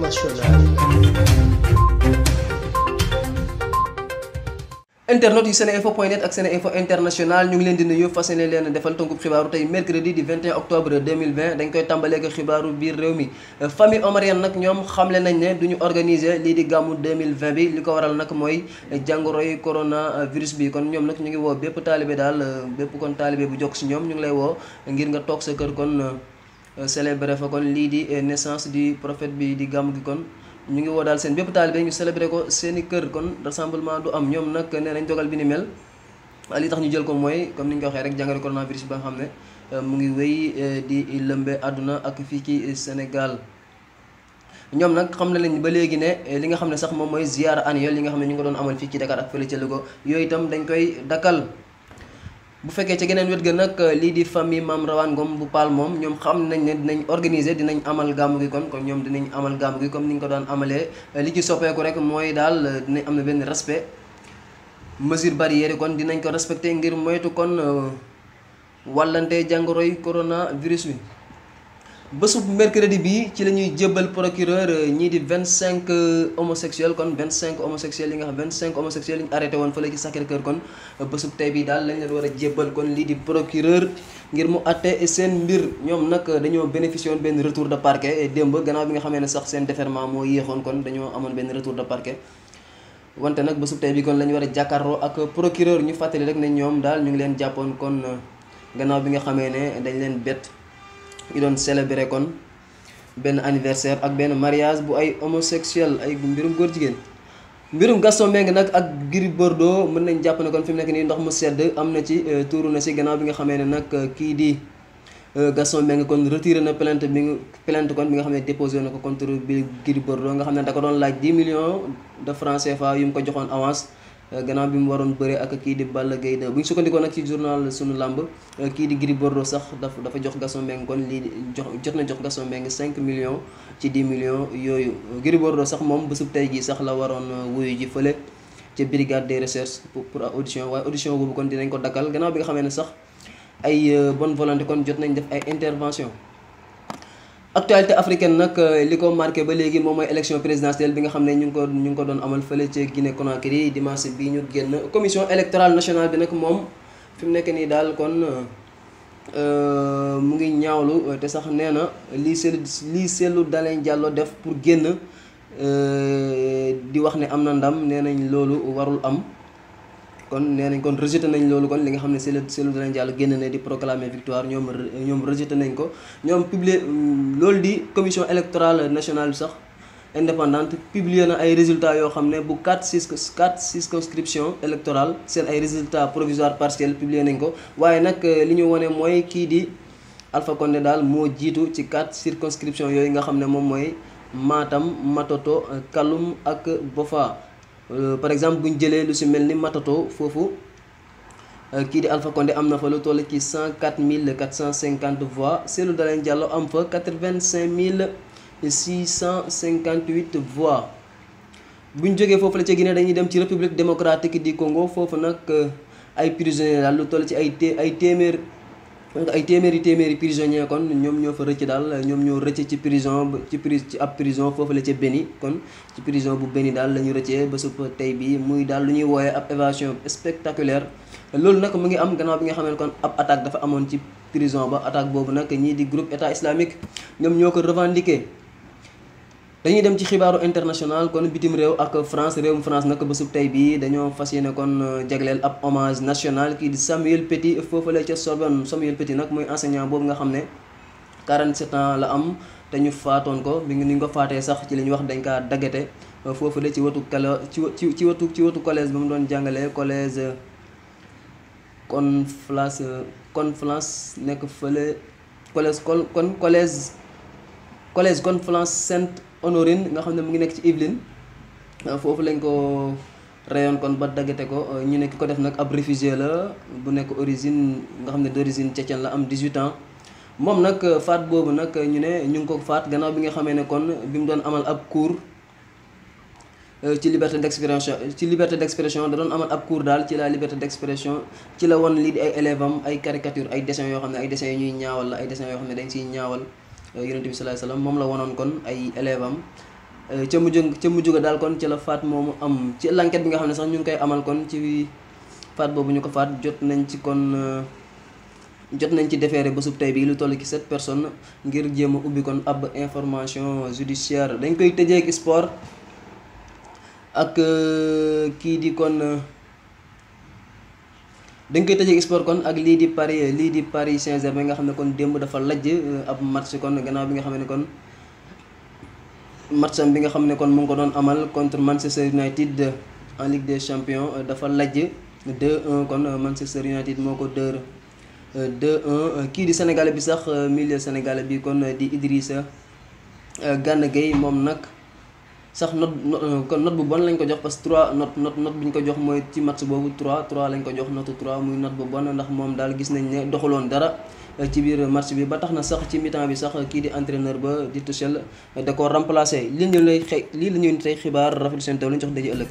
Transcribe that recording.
internationale internet yi seneinfo.net ak seneinfo international ñu ngi leen di nuyu fas yéene leen defal tënku xibaaru tey mercredi di 21 octobre 2020 dañ koy tàmbaleeg xibaaru biir réew mi famille omarienne nag ñoom xamle nañ ne du ñu organiser lii di gàmmu 2020 bi li ko waral nag mooy jàngoroy coronavirus bi kon ñoom nag ñu ngi woo bépp taalibe daal bépp kon taalibe bu jokk si ñoom ñu ngi lay woo ngir nga toog sa kër kon. Euh, célébré fa kon lii di euh, naissance du prophète bi di gàmm gi kon ñu ngi woo daal seen bépp taalibe ñu célébré ko seeni kër kon rassemblement du am ñoom nag nee nañ dogal bi ni mel ah, li tax ñu jël ko mooy comme ni ñu ko waxee rek jàngoro coronavirus ba nga xam ne euh, mu ngi wéy di lëmbe àdduna ak fii ci Sénégal ñoom nak xam na lañ ba léegi ne li nga xam ne sax moom mooy ziyaara annuelle yi nga xam ne ñu ngi doon amal fii ci Dakar ak fële ca Louga yooyu itam dañ koy dakkal bu fekkee ca geneen wet ga nag euh, lii di famille Mame Rawane Ngom bu Paal moom ñoom xam nañ ne dinañ organiser dinañ amal gàmmu gi kon kon ñoom dinañ amal gàmmu gi comme ni ñu ko daan amalee euh, li ci soppeeku rek mooy daal euh, dinañ am na benn respect mesure barrière kon dinañ ko respecté ngir moytu kon wàllante jàngoroy corona virus bi. bésub mercredi bi ci la ñuy jébbal procureur euh, ñii di vingt cinq euh, homosexuels kon vingt cinq homosexuels li nga xam vingt cinq homosexuels yi ñu arrêté woon fële ci Sacré-Cœur kon euh, bésub tey bi daal lañ leen a jébbal kon lii di procureur ngir mu àtte seen mbir ñoom nag dañoo bénéficié woon benn retour de parquet démb gannaaw bi nga xamee ne sax seen déferment moo yéexoon kon dañoo amoon benn retour de parquet wante nag bésub tey bi kon la ñu war a jàkkaarloo ak procureur ñu fàttali rek ne ñoom daal ñu ngi leen jàppoon kon gannaaw bi nga xamee ne dañ leen bett ñu doon célébrer kon benn anniversaire ak benn mariage bu ay homosexuel ay mbirum góor jigéen mbirum Gaston Mbengue nag ak Gris Bordeaux mën nañ jàpp ne kon fi mu nekk nii ndox mu sedd am na ci euh, tuuru na si gannaaw bi nga xamee ne nag euh, kii di euh, Gaston Mbengue kon retiré na plainte bi nga plainte kon bi nga xam ne déposé na ko contre bi Gris Bordeaux nga xam ne da ko doon laaj 10 millions de francs CFA yu mu ko joxoon avance Euh, gannaaw bi mu waroon bëre ak kii di Balla Gaye 2 bu ñu sukkandikoo nag ci journal sunu làmb euh, kii di Gris Bordeaux sax dafa dafa jox Gaston Mbengue kon lii jox jot na jox Gaston Mbengue 5 millions ci 10 million yooyu Gris Bordeaux sax moom bésub tey jii sax la waroon euh, wuyu ji fële ca brigade de recherches pour pour audition waaye audition boobu kon dinañ ko dakkal gannaaw bi nga xamee ne sax ay bonne volonté kon jot nañ def ay intervention actualité africaine nag euh, li ko marqué ba léegi moom mooy élection présidentielle bi nga xam ne ñu ngi ko ñu ngi ko doon amal fële ci Guinée Conakry dimanche bi ñu génn commission électorale nationale bi nag moom fi mu nekk nii daal kon euh, mu ngi ñaawlu te sax nee na lii seelu lii seelu Dalein Diallo def pour génn euh, di wax ne am na ndam nee nañ loolu warul am. kon nee nañ kon rejeté nañ loolu kon li nga xam ne Cellou Cellou Dalein Diallo génn na di proclamer victoire ñoom ñoom rejeté nañ ko ñoom publier loolu di commission électorale national bi sax indépendante publier na ay résultats yoo xam ne bu quatre six quatre circonscription électorale seen ay résultats provisoires partiels publier nañ ko waaye nag euh, li ñu wone mooy kii di Alpha Condé daal moo jiitu ci quatre circonscription yooyu nga xam ne moom mooy Matam Matoto Kaloum ak Bofa Euh, par exemple bu ñu jëlee lu si mel ni Matato foofu euh, kii di Alpha Condé am na fa lu toll ci cent quatre mille quatre cent cinquante voix Cellou Dalein Diallo am fa quatre vingt cinq mille six cent cinquante huit voix bu ñu jógee foofu la ca Guinée dañuy dem ci république démocratique di Congo foofu nag euh, ay prisonniers daal lu toll ci ay té ay téeméer. donc ay téeméeri téeméeri prisonniers kon ñoom ñoo fa rëcc daal ñoom ñoo rëcc ci prison ci pris ci ab prison foofu la ca Béni kon ci prison bu Béni daal la ñu rëccee ba suba tey bii muy daal lu ñuy wooyee ab évasion spectaculaire. loolu nag mu ngi am gannaaw bi nga xam ne kon ab attaque dafa amoon ci prison ba attaque boobu nag ñii di groupe état islamique ñoom ñoo ko revendiqué. dañuy dem ci xibaaru international kon bitim réew ak France réewum France nag bésub tey bii dañoo fas yéene kon euh, jagleel ab hommage national kii di Samuel Paty foofule ca Sorbonne Samuel Paty nag muy enseignant boobu nga xam ne 47 ans la am te ñu faatoon ko bi ni ñu ko faatee sax ci li ñuy wax dañ kaa daggate euh, la ci watu kala ci ci ci watu ci watu collège ba mu doon jàngalee collège euh, Conflans Conflans nekk fële collège kon collège collège Conflans Sainte. Honorine nga xam ne mu ngi nekk ci Yvelines euh, foofu lañ ko rayoon kon ba daggate ko euh, ñu ne ki ko def nag ab réfugié la bu nekk origine nga xam ne d'origine tchétchène la am 18 ans moom nag euh, faat boobu nag ñu ne ñu ngi ko faat gannaaw bi nga xamee ne kon bi mu doon amal ab cour ci liberté d'expression ci liberté d'expression da doon amal ab cours daal ci la liberté d'expression ci la won lii di ay élèves am ay caricature ay dessins yoo xam ne ay dessins yu ñuy ne dañ ciy ñaawal Euh, yonent bi sallallahu alayhi moom la wanoon kon ay élève am euh, ca mujj ca mujj ga daal kon ci la faat moomu am ci l'enquête bi nga xam ne sax ñu ngi koy amal kon ci faat boobu ñu ko faat jot nañ ci kon euh, jot nañ ci defeere bésub tey bi lu toll ci sept personne ngir jéem a ubbi kon ab information judiciaire dañ koy tëjee ak sport ak kii di kon dañ koy tëjee sport kon ak lii di Paris lii di Paris Saint-Germain nga xam ne kon démb dafa lajj euh, ab match kon gannaaw bi nga xam ne kon match bi nga xam ne kon mu ngi ko doon amal contre Manchester United en Ligue de Champions euh, dafa lajj 2-1 kon euh, Manchester United moo ko dër de 1 kii di Sénégalais bi sax milieu Sénégalais bi kon di Idrissa Gana Gueye moom nag. sax note euh, kon note bu bon lañ ko jox parce que 3 note note note bi ñu ko jox mooy ci match boobu 3 3 lañ ko jox note 3 muy not bu bon ndax moom daal gis nañ ne doxaloon dara euh, ci biir match bi ba tax na sax ci mi bi sax kii di entraîneur ba di Tuchel euh, da ko remplacé lii ñu lay xëy lii la ñuy tey xibaar rafet seen taw li ñu jox daje ëllëg.